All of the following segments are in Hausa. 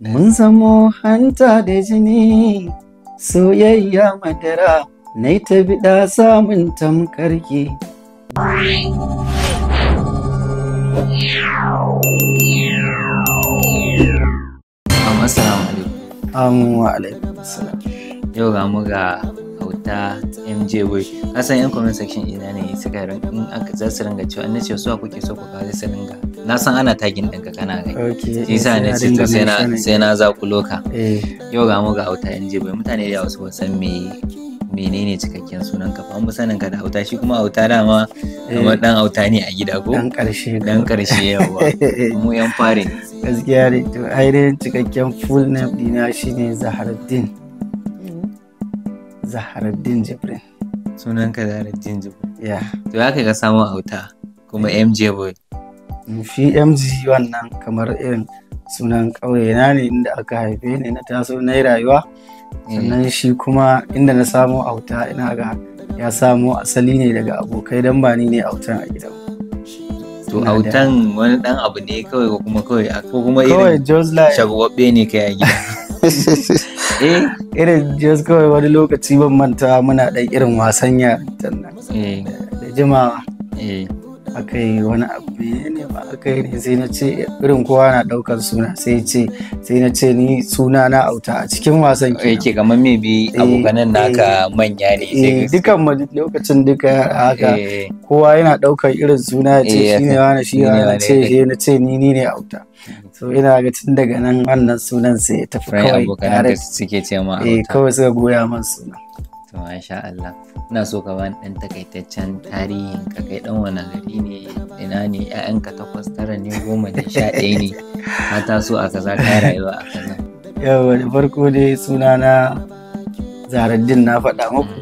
Mun zamo hanta da jini, soyayya madara, na ta biɗa samun tamkarki. Assalamu alaikum. Amin wa alaikum assalam. Yau ga mu ga hauta MJ Boy. Kasan 'yan comment section ina ne suka in aka za su ringa cewa na ce su kuke so ku kawo su ringa na san ana tagin ɗinka kana gai shi sa na sai to sai na ku loka. Eh. yau ga mu ga auta je jibai mutane da wasu san me menene cikakken sunan ka fa mu sanin ka da auta shi kuma auta dama eh. kamar dan auta ne a gida ko dan karshe dan karshe yawa mu yan fare gaskiya ne to ainihin cikakken full name dina shine Zaharuddin Zaharuddin Jibrin sunan ka Zaharuddin Jibrin ya to ya kai ka samu auta kuma MJ boy shi mg wannan kamar irin sunan ƙauye na ne inda aka haife ni na taso na rayuwa sannan mm. shi kuma inda na samo auta ina ga ya samo asali ne daga abokai don ba ni ne autan a gidan to autan wani dan abu ne kawai ko kuma kawai ko kuma irin shagwabbe ne kai a gida eh irin jos kawai wani lokaci ban manta muna dan irin wasan yaran eh da jimawa eh. aka yi wani abu ne ba aka yi ne sai na ce irin kowa na daukar suna sai ce sai na ce ni suna na auta a cikin wasan ke yake kamar me bi eh, abokanan eh, naka manya ne eh, dukan lokacin duka haka kowa yana daukar irin suna ya ce shi ne wani shi ne ce na ce ni ni ne auta so ina ga tun daga nan wannan sunan sai ya tafi kawai abokanan suke ce ma eh kawai suka goya man suna To masha Allah. Ina so ka bani ɗan takaitaccen tarihin ka kai ɗan wani gari ne ina ne ƴaƴanka takwas tara ne goma da sha ɗaya ne ka taso a kaza ka rayuwa a kaza. Yawwa da farko dai na Zaraddin na faɗa muku.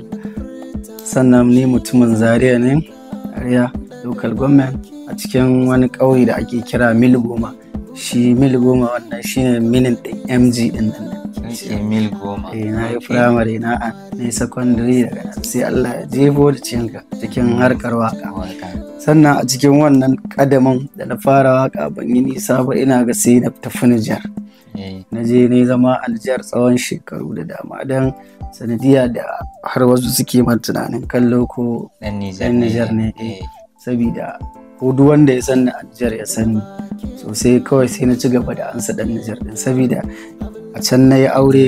Sannan ni mutumin Zaria ne, Zaria local government a cikin wani ƙauye da ake kira Mil Goma. Shi Mil Goma wannan shine minin ɗin MG ɗin nan. emil goma eh, na yi firamare na a na yi daga sai Allah ya jefo da cinka cikin harkar waka sannan a cikin wannan kadamin da na fara waka ban yi nisa ba ina ga sai na tafi Nijar eh. na je ne zama a Nijar tsawon shekaru da dama don sanadiya da har wasu suke man tunanin kallo ko dan Nijar ne eh. sabida ko wanda ya san na Nijar ya sani sosai kawai sai na ci gaba da ansa dan Nijar ɗin sabida a can na yi aure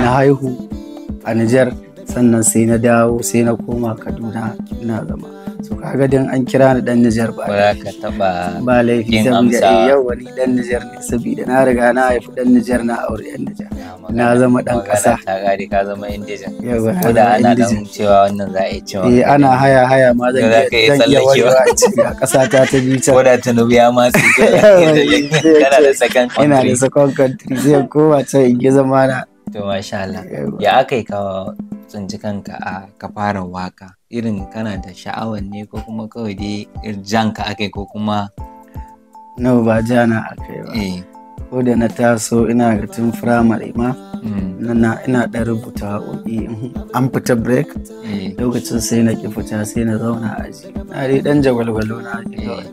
na haihu a Nijar sannan sai na dawo sai na koma Kaduna ina zama so kaga dan an kira ni dan Nijar ba ba ka taba ba laifi saboda eh, yau wani dan Nijar ne saboda na riga na haifi dan Nijar na aure yan Nijar na zama dan kasa ta gari ka zama indijan yawa ko da ana dan cewa wannan za a yi cewa eh ana haya haya ma zan iya zan iya wajewa a ciki a kasa ta ta bi ta ko da tunubu ya ma su kana da second ina da second country zai kowa ta in zama na to masha Allah ya aka yi ka tsinci kanka a ka fara waka irin kana da sha'awar ne ko kuma kawai dai janka aka ko kuma na ba jana aka yi ba eh. ko da na taso ina ga tun firamare ma mm. ina ɗan rubuta waƙoƙi an fita break eh. lokacin sai na ki fita sai na zauna aji na dai ɗan jagwalgwalo na ake eh. kawai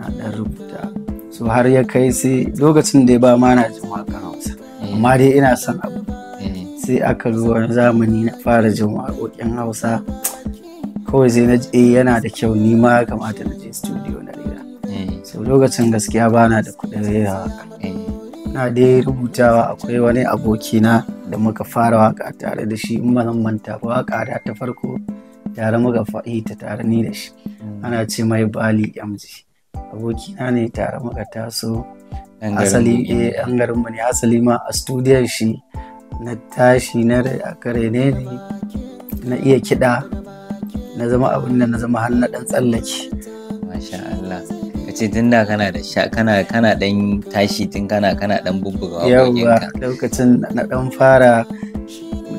na ɗan rubuta so har ya kai sai lokacin da ya ba ma na jin waƙan hausa amma dai ina son abu sai aka zo zamani na fara jin waƙoƙin hausa kawai sai na eh, yana da kyau ni ma ya kamata na je studio na rera eh. so lokacin gaskiya bana da kuɗin rera waka eh. na dai rubutawa akwai wani abokina da muka fara waka tare da shi in zan manta ba waka da ta farko tare muka faɗi ta tare ni da shi hmm. ana ce mai bali yamji abokina ne tare muka taso asali an garinmu ne asali ma a studiyon shi na tashi na kare ne na iya kiɗa na zama abin da na zama har na dan tsallake masha Allah ka ce tun da kana da sha kana kana dan tashi tun kana kana dan bubbuga waƙoƙinka lokacin na dan fara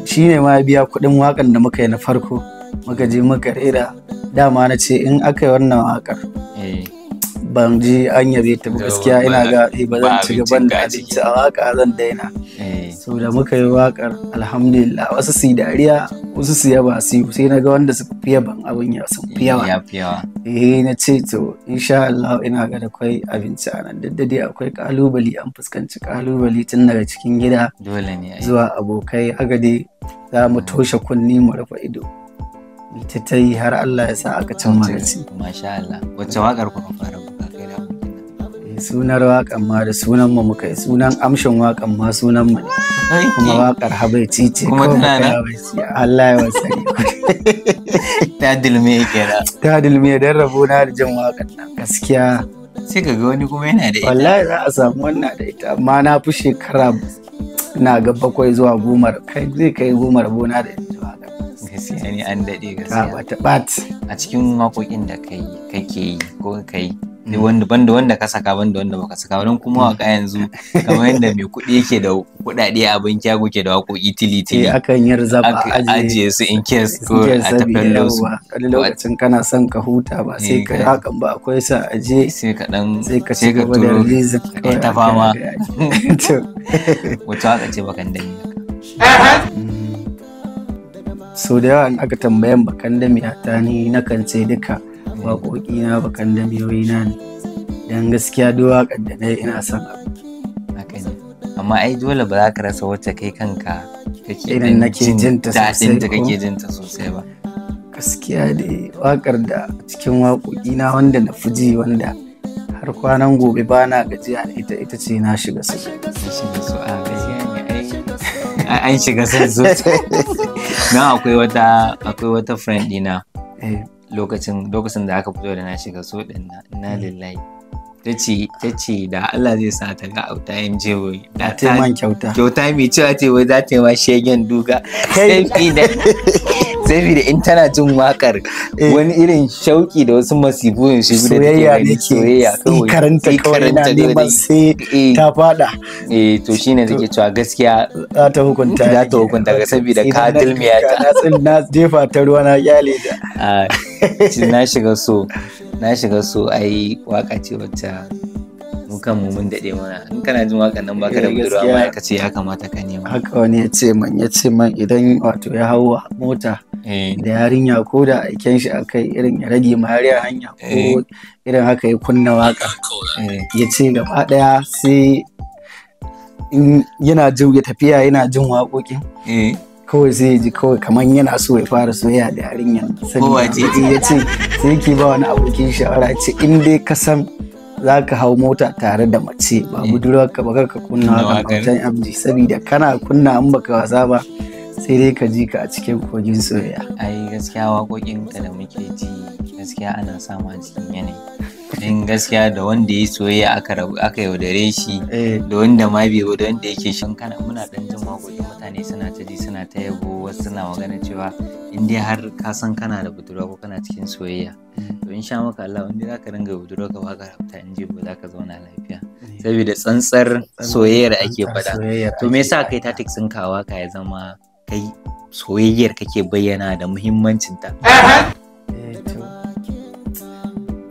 shine ma biya kuɗin wakan da muka yi na farko muka je muka rera dama na ce in aka yi wannan waƙar eh. ban ji an yabe ta gaskiya ina ga eh, ba zan ci gaban da abinci a waka zan daina sau da muka yi wakar alhamdulillah wasu su dariya wasu su yaba su sai na ga wanda su fiye ban abin ya sun fi yawa eh na ce to insha Allah ina ga da kai abinci a nan duk dai akwai kalubale an fuskanci kalubale tun daga cikin gida dole ne zuwa abokai haka dai za mu toshe kunni mu rufe ido ita ta yi har Allah ya sa aka cin magaci masha Allah wacce wakar ku fara sunar waƙan ma da sunan mu muka yi sunan amshin waƙan ma sunan mu ne kuma eh. waƙar habai cice kuma tana na Allah ya wasa ta dilme kenan ta dilme dan rabo na da jin waƙan nan gaskiya sai ka ga wani kuma yana da ita wallahi za a samu wannan da ita amma na fi shekara na ga bakwai zuwa goma kai zai kai goma rabo na da ita gaskiya ne an daɗe gaskiya a cikin waƙoƙin da kai kake yi ko kai yi mm. wanda banda wanda ka saka banda wanda baka saka wannan kuma mm. waka yanzu kamar yadda mai kuɗi yake da kuɗaɗe a banki ya goke da waƙoƙi tili tili eh, akan yi rizaba a ajiye su in case ko a tafiyar da su lokacin kana son ka huta ba sai eh, ka hakan ba akwai sa aje sai ka dan sai ka ci gaba da release kai ta fama wato haka ce bakan dani eh, sau da yawa aka tambayan bakan damiya ta ni na kan ce duka waƙoƙi na bakan damiyoyi na ne don gaskiya duwa waƙar da dai ina son abu amma ai dole ba za ka rasa wacce kai kanka kake irin jin ta sosai kake jin ta sosai ba gaskiya da waƙar da cikin waƙoƙi na wanda na fi ji wanda har kwanan gobe ba na gajiya ita ita ce na shiga su shiga su a gajiya ne ai an shiga san sosai na akwai wata akwai wata friend dina eh. lokacin lokacin da aka fito da na shiga so din na na eh. lillahi tace tace da Allah zai sa ta ga auta MJ wai da ta man kyauta kyauta mai cewa ce wai za ta yi wa shegen duga sai da da in tana jin wakar eh. wani irin shauki da wasu masifu shi da soyayya ne soyayya kawai karanta kawai na neman sai eh. ta fada eh to shine zake cewa gaskiya za ta hukunta za ta hukunta ga saboda ka dilmiya ta na jefa ta ruwa na kyale da na shiga so na shiga so ai waka ce wacce mu kan mu mun daɗe mana in kana jin wakan nan baka da eh, budurwa ma ka ce ya kamata ka nema haka wani ya ce man ya ce man idan wato ya hau mota Eh. da yarinya ko da aiken shi aka yi irin ya rage mariya hanya ko eh. irin haka ya kunna waka eh, ya ce gaba daya sai yana jin ya tafiya yana jin waƙoƙin kawai sai ji kawai kamar yana so ya fara soyayya da yarinyar saboda ya ce sai ke ba wani abokin shawara ce in dai ka san za ka hau mota tare da mace ba ka ba ka kunna wajen abji saboda kana kunna an baka wasa ba sai dai ka ji ka a cikin kogin soyayya ai gaskiya waƙoƙin ka da muke ji gaskiya ana a cikin yanayi din gaskiya da wanda ya soyayya aka rabu aka yaudare shi eh. da wanda ma bai da wanda yake shi. kana muna ɗan jin waƙoƙin mutane suna ta ji suna ta yabo wasu suna magana cewa in dai har ka san kana da budurwa ko kana cikin soyayya to in sha maka Allah wanda ka ringa budurwa ka baka rabta in ji za ka zauna lafiya eh. saboda tsantsar soyayyar ake faɗa to me yasa kai ta tiksin kawa ka ya zama kai soyayyar kake bayyana da muhimmancinta eh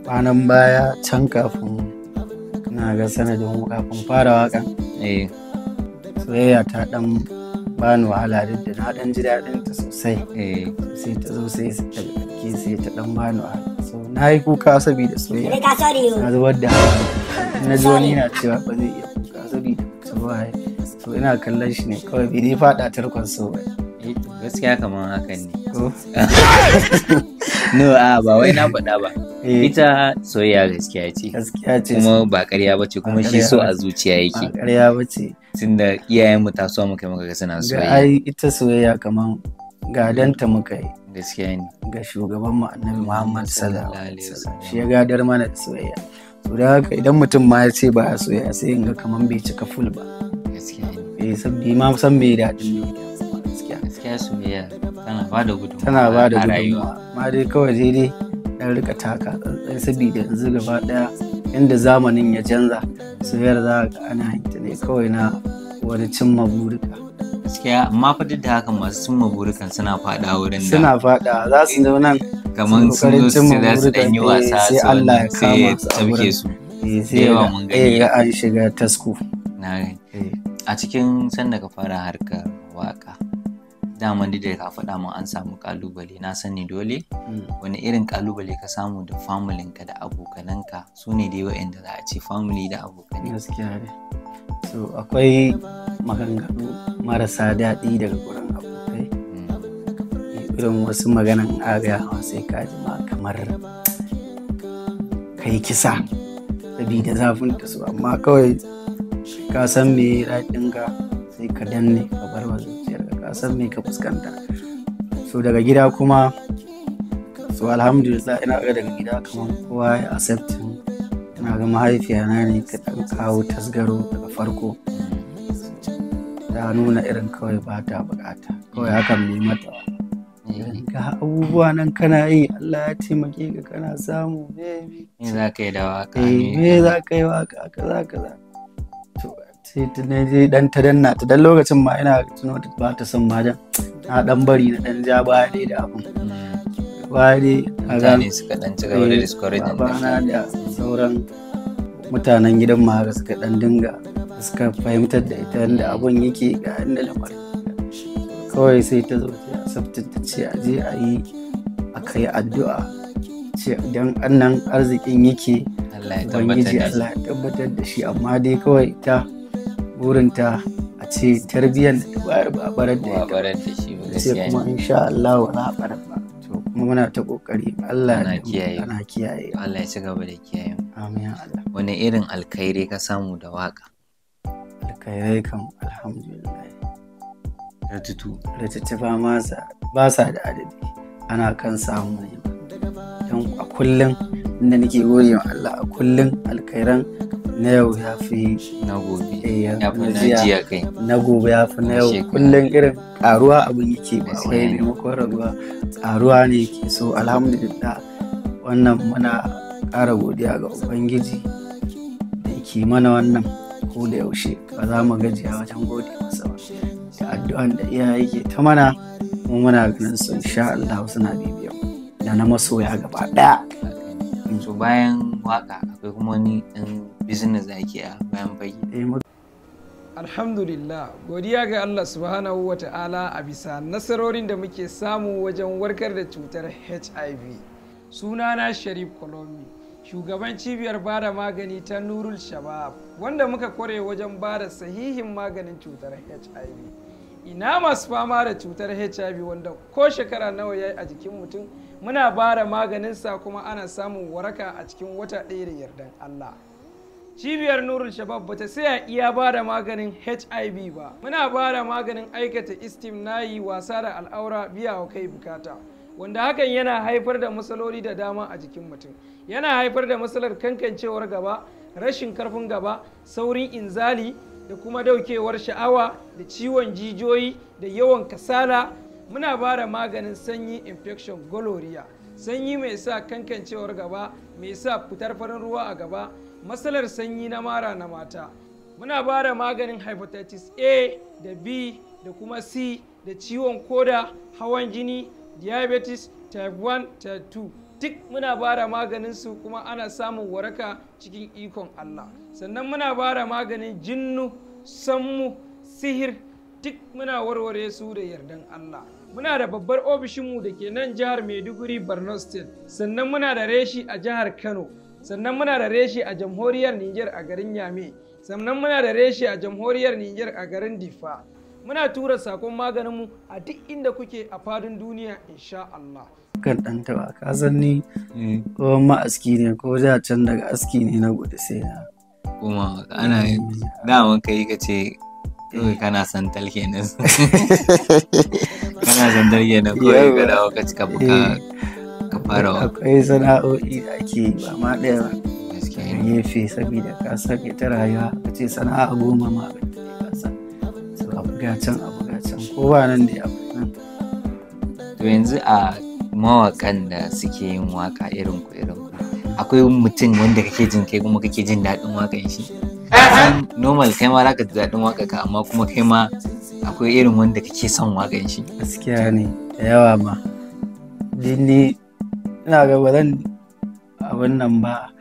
kwanan baya can kafin na ga sanadin kafin fara wakan eh. soyayya ta dan bani wahala duk da na dan ji daɗin ta sosai eh. sai ta zo sai ta ke sai ta dan bani wahala so na yi kuka saboda soyayya na zubar da hawa na ji wani na cewa ba zai iya kuka saboda ta so ina kallon shi ne kawai bi ne fada tarkon so ba eh, gaskiya kamar hakan ne no a ba wai na faɗa ba eh. ita soyayya gaskiya ce gaskiya ce kuma ba ƙarya ba ce kuma shi so a zuciya yake ƙarya ba ce tunda iyayenmu ta so muka muka ga suna soyayya ai ita soyayya kamar danta muka yi gaskiya ne ga shugaban mu annabi Muhammad sallallahu alaihi wasallam shi ya gadar mana da soyayya to da haka idan mutum ma ya ce ba soyayya sai in ga kaman bai cika full ba gaskiya eh sabbi ma san me daɗin ne gaskiya su soyayya tana ba da gudunmawa tana ba da gudunmawa ma dai kawai sai dai dan rika taka tsantsan saboda yanzu gaba daya inda zamanin ya canza su soyayyar za ka ana yin ta ne kawai na wani cimma burika gaskiya amma fa duk da haka masu cimma burikan suna faɗa wurin da suna faɗa za su zo nan kamar sun zo su za su dan yi wasa eh, sai Allah ya kama su a wurin su eh sai ya eh, an shiga tasko na eh. a cikin sanda ka fara harkar waka daman da ka faɗa min an samu kalubale na sani dole hmm. wani irin kalubale ka samu da familinka da abokananka su ne dai wa'anda za a ce family da abokanai gaskiya ne so akwai maganganu marasa daɗi daga gurin abokai hmm. irin wasu maganan agaya sai ka jima kamar kai kisa da zafin da su amma kawai ka san me ya dinga sai ka danne ka bar wa zuciyar ka san me ka fuskanta so daga gida kuma so alhamdulillah ina ga daga gida kamar kowa ya accept ina ga mahaifiya na ne ka dan kawo tasgaro daga farko ta nuna irin kawai ba ta bukata kawai hakan bai mata ga abubuwa nan kana yi Allah ya taimake ka kana samu me za ka yi da waka eh, me za ka yi waka kaza kaza sai dan ta danna ta dan lokacin ma ina tuno ba ta son majan. na dan bari na dan ja baya dai da abin baya dai a gane suka dan ci gaba da eh, discouraging ba na da sauran mutanen gidan ma haka suka dan dinga suka fahimtar da ita inda abun yake ga inda lamarin kawai sai ta zo ta asabta ta ce a je a yi a kai addu'a ce idan annan arzikin yake ubangiji Allah ya tabbatar da shi amma dai kawai ta burinta a ce tarbiyyar da ta bayar ba a barar da ita sai kuma insha Allah wa na a barar ba to kuma muna ta kokari Allah ya kiyaye ana kiyaye Allah ya ci gaba da kiyaye amin Allah wani irin alkhairi ka samu da waka alkhairai kan alhamdulillah ratutu ratutu ba ma ba sa da adadi ana kan samu ne kan a kullum inda nake gode wa Allah a kullum alkairan na yau ya fi na gobe eh, ya fi na gobe ya fi na yau kullum irin karuwa abin yake ba wai makon raguwa karuwa ne ke so alhamdulillah wannan muna ƙara godiya ga ubangiji da yake mana wannan ko da yaushe ba za mu gajiya wajen gode masa ba da addu'an da iyaye ke ta mana mu muna ganin su insha Allah suna biyu. da na masoya gaba ɗaya. so bayan waka akwai kuma wani ɗan business da ake a bayan fage. Eh, Alhamdulillah, godiya ga Allah subhanahu wa ta'ala a bisa nasarorin da muke samu wajen warkar da cutar HIV. Sunana Sharif Kolomi, shugaban cibiyar bada magani ta Nurul Shabab, wanda muka kware wajen bada sahihin maganin cutar HIV. Ina masu fama da cutar HIV wanda ko shekara nawa ya yi a jikin mutum muna bara sa kuma ana samun waraka a cikin wata ɗaya da yardan Allah cibiyar nurul shabab bata saya iya bada maganin hiv ba muna bada maganin aikata istim nayi wasa da al'aura biya wa kai bukata wanda hakan yana haifar da matsaloli da dama a jikin mutum yana haifar da matsalar kankancewar gaba rashin karfin gaba saurin inzali da kuma daukewar sha'awa da ciwon jijiyoyi da yawan kasala muna ba da maganin sanyi infection gonorrhea sanyi mai sa kankancewar gaba mai sa fitar farin ruwa a gaba matsalar sanyi na mara na mata muna ba da maganin hepatitis a da b da kuma c da ciwon koda hawan jini diabetes type 1 type 2 duk muna ba da maganin su kuma ana samun waraka cikin ikon allah sannan muna ba da maganin jinnu sammu sihir duk muna warware su da yardan allah muna da babbar ofishinmu da ke nan jihar maiduguri borno state sannan muna da reshi a jihar kano sannan muna da reshi a jamhuriyar niger a garin yame sannan muna da reshi a jamhuriyar niger a garin difa muna tura sakon maganinmu a duk inda kuke a fadin duniya insha Allah. kan ɗan taba ka san eh. ko ma aski ne ko da can daga aski ne na gudu sai na kuma ana dama kai ka kawai kana san talhe ne kana san talhe ne kawai ka dawo ka cika buka ka fara akwai sana'o'i da ake ba ma ɗaya ba gefe saboda ka san ita rayuwa a ce sana'a goma ma a ka san su abu gacan abu gacan ko ba nan da abu nan to yanzu a mawakan da suke yin waka irin ku irin ku akwai mutum wanda kake jin kai kuma kake jin daɗin wakan shi normal kai ma za ka ji daɗin waka ka amma kuma kai ma akwai irin wanda kake son wakan shi gaskiya ne da yawa ma dinni ina ga ba zan abin nan ba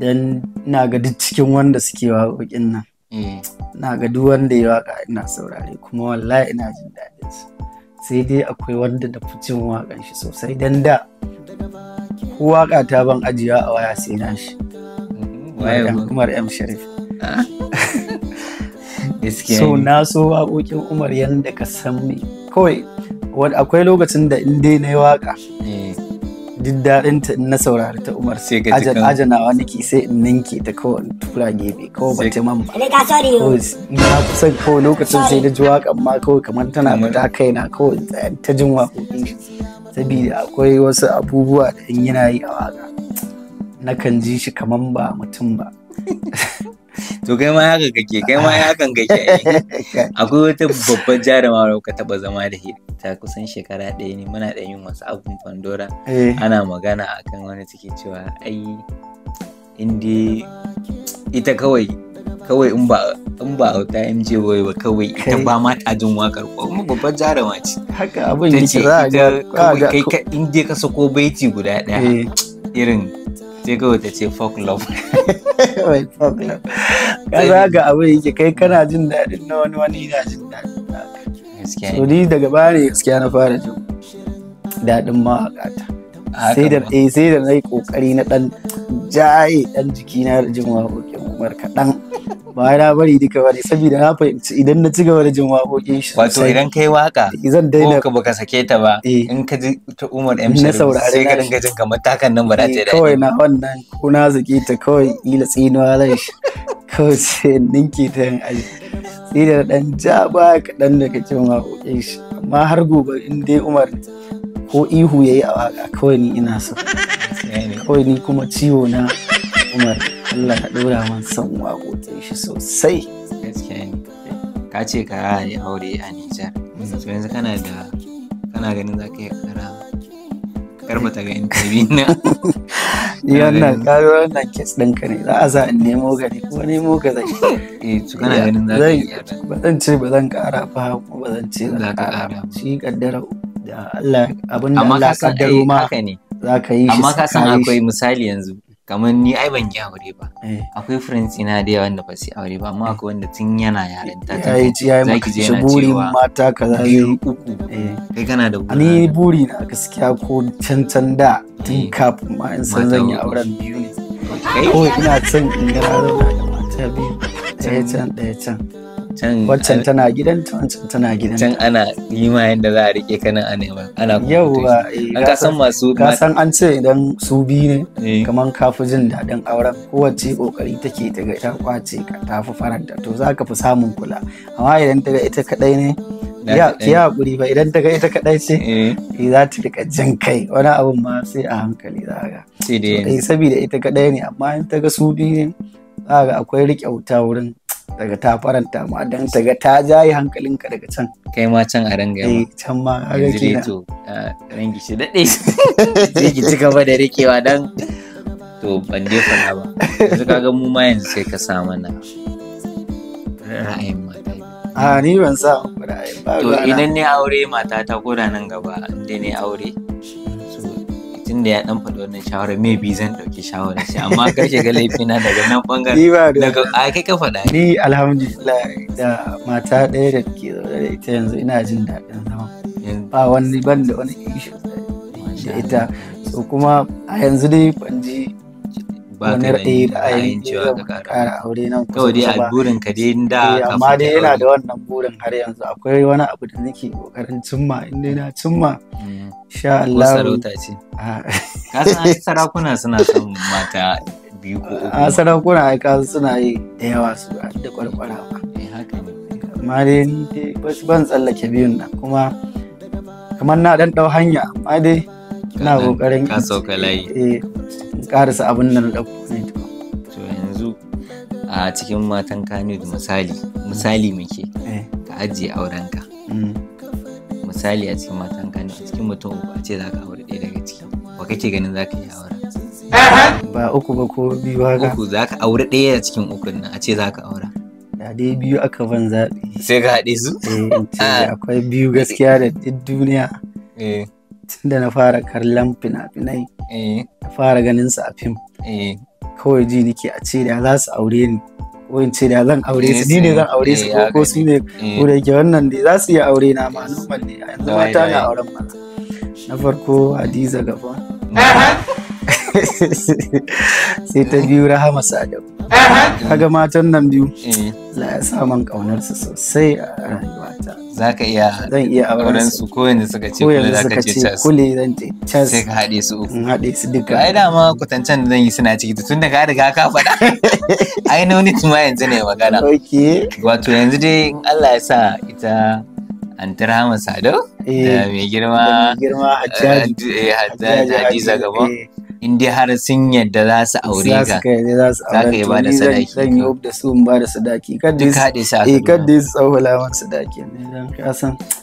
dan ina ga duk cikin wanda suke waƙoƙin nan eh. ina ga duk wanda ya waka ina saurare kuma wallahi ina jin daɗin su sai dai akwai wanda da fucin waƙan shi sosai dan da ko waƙa ta ban ajiya a waya sai na shi Umar M. Sharif. so na so waƙoƙin umar yadda ka san me kawai akwai lokacin da in na yi waƙa eh. duk daɗin ta na saurari ta umar sai ga jikin ajanawa nake sai in ninke ta kawai tura gefe kawai ba ta man ba na kusa kawai lokacin sai da ji waƙan ma kawai kamar tana fita kaina kawai ta jin waƙoƙi sabida akwai wasu abubuwa da in yana yi a waƙa nakan ji shi kamar ba mutum ba to kai ma haka kake kai ma hakan kake akwai wata babbar jaruma da ka taba zama da ta kusan shekara ɗaya ne muna da yin wasu abun pandora eh. ana magana akan wani take cewa ai indi ita kawai kawai in ba a wuta in MJ wai ba kawai ita ba ma ta jin wakar ko kuma babbar jaruma ce haka abin yake za a ga kai ka in ka sako baiti guda ɗaya. Eh. irin sai kawai ta ce folk love wai love ka za ga abin yake kai kana jin daɗin na wani wani yana jin daɗin na so ni daga baya gaskiya na fara jin daɗin mawaƙata sai da eh sai da nayi kokari na dan jaye dan jiki na jin waƙoƙin Umar kaɗan ba na bari duka bane saboda na fahimci idan na ci gaba da jin waƙoƙin shi wato idan kai waka eh, zan daina ko baka sake ta ba eh. in ka ji ta Umar M Sharif sai ka dinga jin kamar takan nan ba za ta yi eh, kawai na wannan ko na zake ta kawai ila tsinuwa zan shi kawai sai ninki ta yin aji sai da dan ja ba kaɗan daga cikin waƙoƙin shi amma har gobe in dai umar ko ihu ya yi a waka. kawai ni ina so kawai ni kuma ciwo na umar Allah ka ɗora man son waƙoƙin shi sosai ka ce ka yi aure a Nijar mm. yanzu kana da kana ganin za ka yi kara kar ba ta ga interview na ni wannan kaga wannan kes din ka ne za a za in nemo gari kuma nemo ga zai eh su kana ganin za ka iya ba zan ce ba zan kara ba ko ba zan ce za ka kara shi kaddara da Allah abin da Allah kaddaro eh, ma za ka yi shi amma ka san akwai misali yanzu kamar ni ai ban ki aure ba eh. akwai friends ina da yawa wanda ba su aure ba amma akwai wanda tun yana yaren ta yi ci ai maka shi buri mata kaza biyu uku eh. kai kana da buri ni buri na gaskiya ko cancan da tun eh. kafin ma in san zan yi auren biyu ne kawai ina son in ga rarrauna da mata biyu ɗaya can ɗaya can Wancan tana gidan ta wancan tana gidan can ana yi ma yadda za a rike ka nan ana ana yauwa eh, an ka san masu ka san an ce idan su biyu ne eh. kamar ka fi jin daɗin auren kowace kokari take daga ta kwace ka ta fi faranta to za ka fi samun kula amma idan ta ga ita kaɗai ne ya haƙuri ba idan ta ga ita kaɗai ce eh. za ta rika jin kai wani abun ma sai a hankali za ga sai dai saboda ita kaɗai ne amma in ta ga su biyu ne za ga akwai riƙe wuta wurin daga ta faranta ma don ta ga ta jaye hankalinka daga can kai ma can a ranga ma eh, can ma a rage na to rangi shi daɗe sai ki ci gaba da rikewa dan to ban je faɗa ba yanzu kaga mu ma yanzu sai ka sa mana ra'ayin mata a ni ban sa ra'ayin ba to idan ne aure mata ta koda nan gaba inda ne aure tun da ya dan faɗi wannan shawara bi zan ɗauki shawara shi amma ka ga laifina daga nan bangaren daga a kai ka faɗa ni alhamdulillah da mata ɗaya da ke zaune da ita yanzu ina jin daɗin zama ba wani ban da wani issue da ita so kuma a yanzu dai ban ba ka da ayin cewa ka kara aure nan kusa dai a burin ka dai eh, da ka amma dai yana da wannan burin har yanzu akwai wani abu da nake kokarin cimma in dai na cimma mm. insha Allah sarauta ce ah. ka san sarakuna suna son mata biyu ko uku a ah, sarakuna ai ka suna yi da yawa su da kwarkwara ba eh, amma dai ni dai ban tsallake biyun nan kuma kamar na dan dau hanya amma dai na kokarin ka sauka layi eh. karasa abin da na to yanzu a cikin matan kanu da misali misali muke eh. ka ajiye aurenka mm. misali a cikin matan kanu a cikin mutum a ce za ka aure ɗaya daga ciki wa kake ganin za ka yi aure? ba uku ba ko biyu haka uku za ka aure ɗaya a cikin ukun nan a ce za ka aure da dai biyu aka ban zaɓi sai ka haɗe su eh, akwai biyu gaskiya da duk duniya eh. tun da na fara kallon fina-finai fara ganin su a fim eh, kawai ji nike a ce da za su aure ni ko in ce da zan aure su ni ne zan aure su eh, ko su ne eh. ko da ke wannan da za su yi aure na ma normal ne yanzu mata na auren ma na farko hadiza gaba sai ta biyu rahama sadau kaga matan nan biyu la ya sa man kaunar su sosai a rayuwa za ka iya zan iya auren su ko yanzu suka ce kule za ka ce chas kule zan ce chas sai ka haɗe su uku haɗe su duka ai dama kwatancen da zan yi suna ciki tun da ka riga ka faɗa ai no need ma yanzu ne magana wato yanzu dai in Allah ya sa ita an sado eh, da mai girma hajjaji eh, hadiza gaba eh. in dai har sun yadda za su aure ka za ka yi ba da sadaki zan yi da su ba da sadaki eh, kan. da su tsawala man sadaki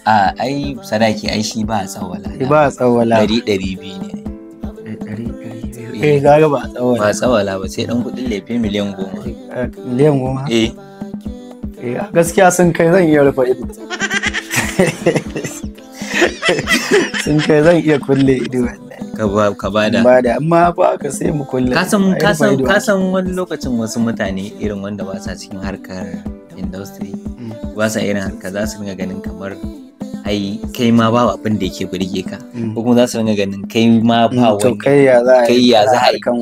a ai sadaki ai shi ba a tsawala eh, ba a tsawala dari dari biyu ne eh, eh ga ba a tsawala ba a tsawala ba sai dan kudin lefe miliyan goma miliyan goma eh eh gaskiya sun kai zan iya rufe ido sun kai zan iya kulle ido ka bada bada amma ba ka sai mu kulle kasan kasan kasan wani lokacin wasu mutane irin wanda ba sa cikin harkar industry mm. ba sa irin harka za su dinga ganin kamar ai kai ma ba abin da yake burge ka mm. ko kuma za su dinga ganin kai ma ba mm, wani kai ya za a yi kana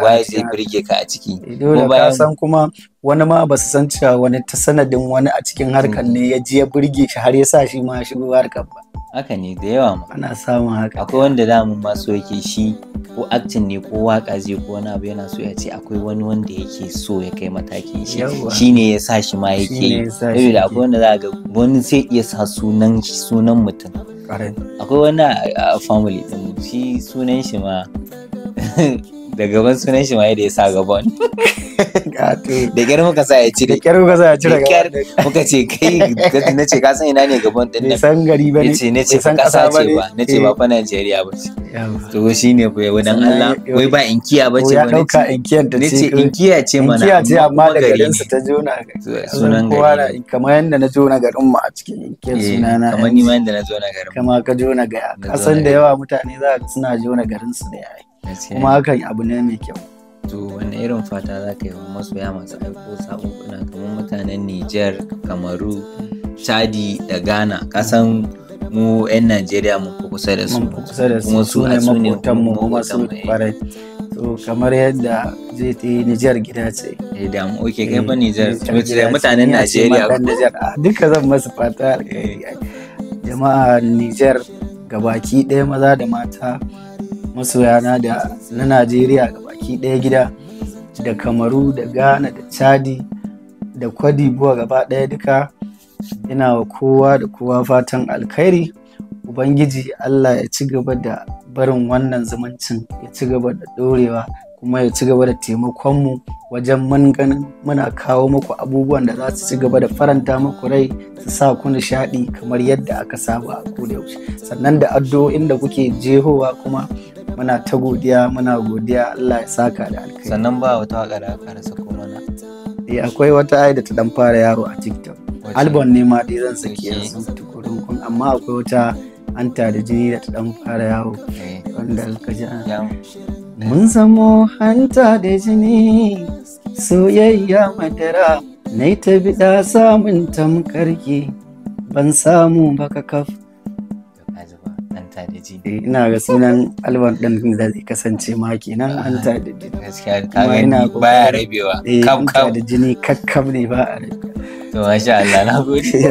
waye zai burge ka a ciki eh, ko bayan san kuma wani ma ba su san cewa wani ta sanadin wani a cikin harkar ne ya je ya burge shi har ya sa shi ma ba harkar ba haka ne da yawa ma ana samun haka akwai wanda damun masu yake shi ko acting ne ko waka zai ko wani abu yana so ya ce akwai wani wanda yake so ya kai matakin shi shine ya sa shi ma yake yi saboda akwai wanda za ga wani sai iya sa sunan sunan mutum akwai wani a family din shi sunan shi ma da gaban sunan shi ma yadda ya sa gaban da kyar muka sa ya cire da kyar muka ya cire da muka ce kai na ce kasan ina ne gaban din nan san gari ce na ce kasa ce ba na ce ba eh. fa Najeriya ba ce to shi ne fa wani Allah wai ba inkiya ba ce ba ne ce inkiyan ta ce inkiya ce mana inkiya ce amma da garin su ta jona sunan gari kamar yadda na jona garin mu a cikin inkiyan eh, sunana kamar ni ma yanda na jona garin kamar ka jona ga kasan da yawa mutane za ka suna jona garin su da kuma hakan abu ne mai kyau To wani irin fata za ka yi wa masoya masu aiko kuna kamar mutanen Nijar, Kamaru, Chadi da Ghana kasan mu 'yan Najeriya mun fi kusa da su. Kuma su ne makotanmu kuma su kwarai. Eh. To kamar yadda zai ta yi Nijar gida ce. Eh da mu oke kai eh, fa Nijar mutanen Najeriya. Ah, duka zan masu fata eh. Jama'a Nijar gabaki ɗaya maza da mata masoyana da na Najeriya baki ɗaya gida da kamaru da ghana da chadi da kwadi buwa gaba ɗaya duka ina wa kowa da kowa fatan alkhairi ubangiji allah ya ci gaba da barin wannan zumuncin ya ci gaba da ɗorewa kuma ya ci gaba da taimakonmu wajen mun ganin muna kawo muku abubuwan da za su ci gaba da faranta muku rai su sa ku nishaɗi kamar yadda aka saba a kodayaushe yaushe sannan da addu'o'in da kuke jehowa kuma muna ta godiya muna godiya Allah ya saka da alkai sannan ba wata waka da aka rasa ko mana eh akwai wata ai da ta dan fara yaro a TikTok album ne ma dai zan saki yanzu tukurun kun amma akwai wata an da jini da ta dan fara yaro eh. wanda ka ji mun samo hanta da jini soyayya madara na ta biɗa samun tamkarki ban samu baka kafa ji eh, ina ga sunan album din da zai kasance ma kenan an ah, ta da jini gaskiya ka gani baya rabewa kaf eh, kaf da jini kakkaf ne ba a rabewa to masha Allah na gode